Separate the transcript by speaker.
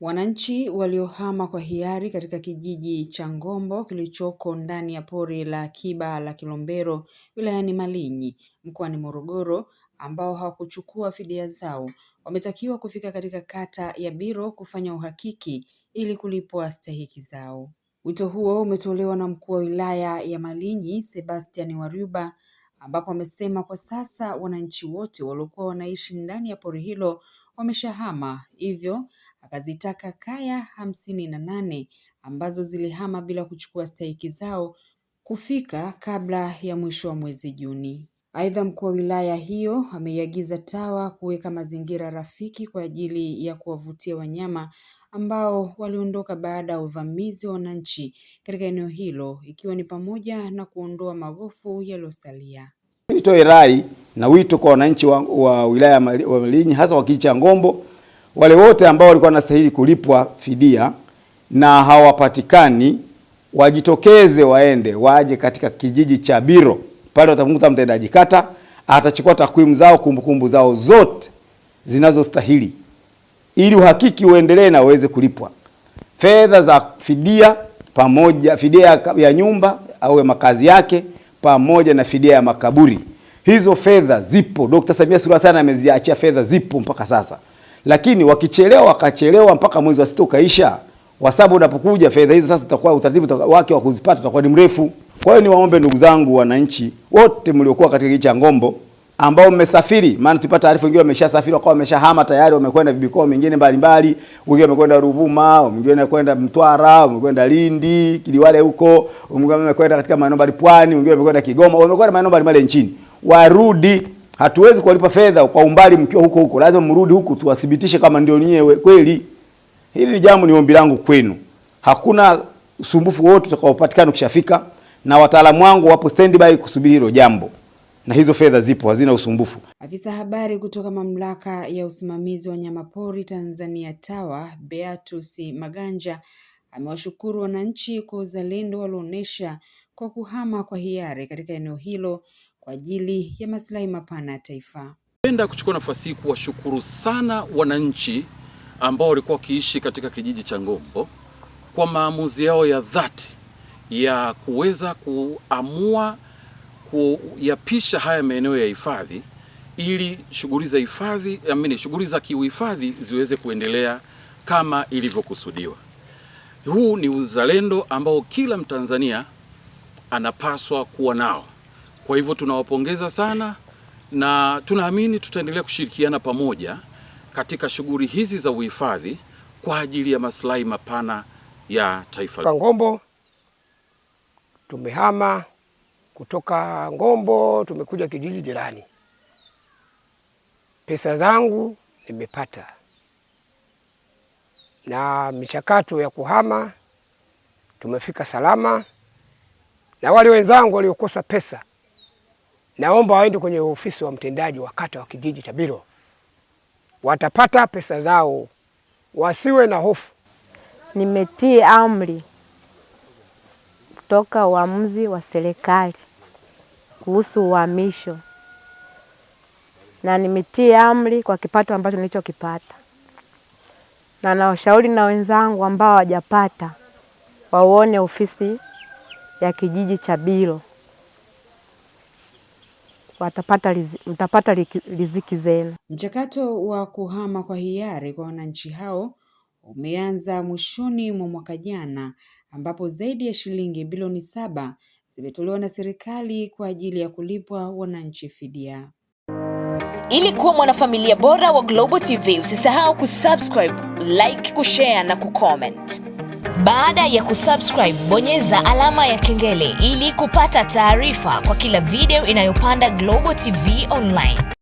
Speaker 1: Wananchi waliohama kwa hiari katika kijiji cha Ngombo kilichoko ndani ya pori la akiba la Kilombero wilayani Malinyi mkoani Morogoro ambao hawakuchukua fidia zao wametakiwa kufika katika kata ya Biro kufanya uhakiki ili kulipwa stahiki zao. Wito huo umetolewa na mkuu wa wilaya ya Malinyi Sebastian waruba ambapo amesema kwa sasa wananchi wote waliokuwa wanaishi ndani ya pori hilo wameshahama, hivyo akazitaka kaya hamsini na nane ambazo zilihama bila kuchukua stahiki zao kufika kabla ya mwisho wa mwezi Juni. Aidha, mkuu wa wilaya hiyo ameiagiza TAWA kuweka mazingira rafiki kwa ajili ya kuwavutia wanyama ambao waliondoka baada ya uvamizi wa wananchi katika eneo hilo, ikiwa ni pamoja na kuondoa magofu yaliyosalia.
Speaker 2: Nitoe rai na wito kwa wananchi wa, wa wilaya ya Malinyi hasa wa kijiji cha Ngombo, wale wote ambao walikuwa wanastahili kulipwa fidia na hawapatikani, wajitokeze waende waje katika kijiji cha Biro, pale watamkuta mtendaji kata, atachukua takwimu zao, kumbukumbu zao zote zinazostahili ili uhakiki uendelee na uweze kulipwa fedha za fidia pamoja, fidia ya nyumba au ya makazi yake pamoja na fidia ya makaburi. Hizo fedha zipo, Dkt. Samia Suluhu Hassan ameziachia fedha, zipo mpaka sasa, lakini wakichelewa wakachelewa mpaka mwezi wa sita ukaisha, kwa sababu unapokuja fedha hizo sasa, utakuwa utaratibu wake wa kuzipata utakuwa ni mrefu. Kwa hiyo niwaombe ndugu zangu wananchi wote mliokuwa katika kijiji cha Ngombo ambao mmesafiri, maana tupata taarifa wengine wameshasafiri wakawa wameshahama tayari, wamekwenda vibikoa mingine mbalimbali, wengine wamekwenda Ruvuma, wengine wamekwenda Mtwara, wamekwenda Lindi, Kiliwale huko, wengine wamekwenda katika maeneo mbalimbali, pwani, wengine wamekwenda Kigoma, wamekwenda maeneo mbalimbali nchini warudi. Hatuwezi kuwalipa fedha kwa umbali mkiwa huko huko, lazima mrudi huku tuwathibitishe kama ndio nyewe kweli. Hili jambo ni ombi langu kwenu, hakuna usumbufu wote utakaopatikana ukishafika, na wataalamu wangu wapo standby kusubiri hilo jambo na hizo fedha zipo, hazina usumbufu.
Speaker 1: Afisa habari kutoka mamlaka ya usimamizi wa wanyamapori Tanzania TAWA Beatus Maganja amewashukuru wananchi kwa uzalendo walioonyesha kwa kuhama kwa hiari katika eneo hilo kwa ajili ya maslahi mapana ya taifa.
Speaker 3: Napenda kuchukua nafasi hii kuwashukuru sana wananchi ambao walikuwa wakiishi katika kijiji cha Ngombo kwa maamuzi yao ya dhati ya kuweza kuamua kuyapisha haya maeneo ya hifadhi ili shughuli za hifadhi amini, shughuli za kiuhifadhi ziweze kuendelea kama ilivyokusudiwa. Huu ni uzalendo ambao kila Mtanzania anapaswa kuwa nao. Kwa hivyo tunawapongeza sana na tunaamini tutaendelea kushirikiana pamoja katika shughuli hizi za uhifadhi kwa ajili ya maslahi mapana ya taifa.
Speaker 4: Kwa Ngombo tumehama kutoka Ngombo tumekuja kijiji jirani. Pesa zangu nimepata na michakato ya kuhama tumefika salama, na wale wenzangu waliokosa pesa naomba waende kwenye ofisi wa mtendaji wa kata wa kijiji cha Bilo, watapata pesa zao, wasiwe na hofu.
Speaker 5: Nimetii amri kutoka uamuzi wa serikali kuhusu uhamisho na nimetii amri kwa kipato ambacho nilichokipata na nawashauri na wenzangu ambao hawajapata wauone ofisi ya kijiji cha Bilo, watapata mtapata riziki zenu.
Speaker 1: Mchakato wa kuhama kwa hiari kwa wananchi hao umeanza mwishoni mwa mwaka jana, ambapo zaidi ya shilingi bilioni saba zimetolewa na serikali kwa ajili ya kulipwa wananchi fidia. Ili kuwa mwanafamilia bora wa Global TV, usisahau kusubscribe like, kushare na kucomment. Baada ya kusubscribe, bonyeza alama ya kengele ili kupata taarifa kwa kila video inayopanda Global TV Online.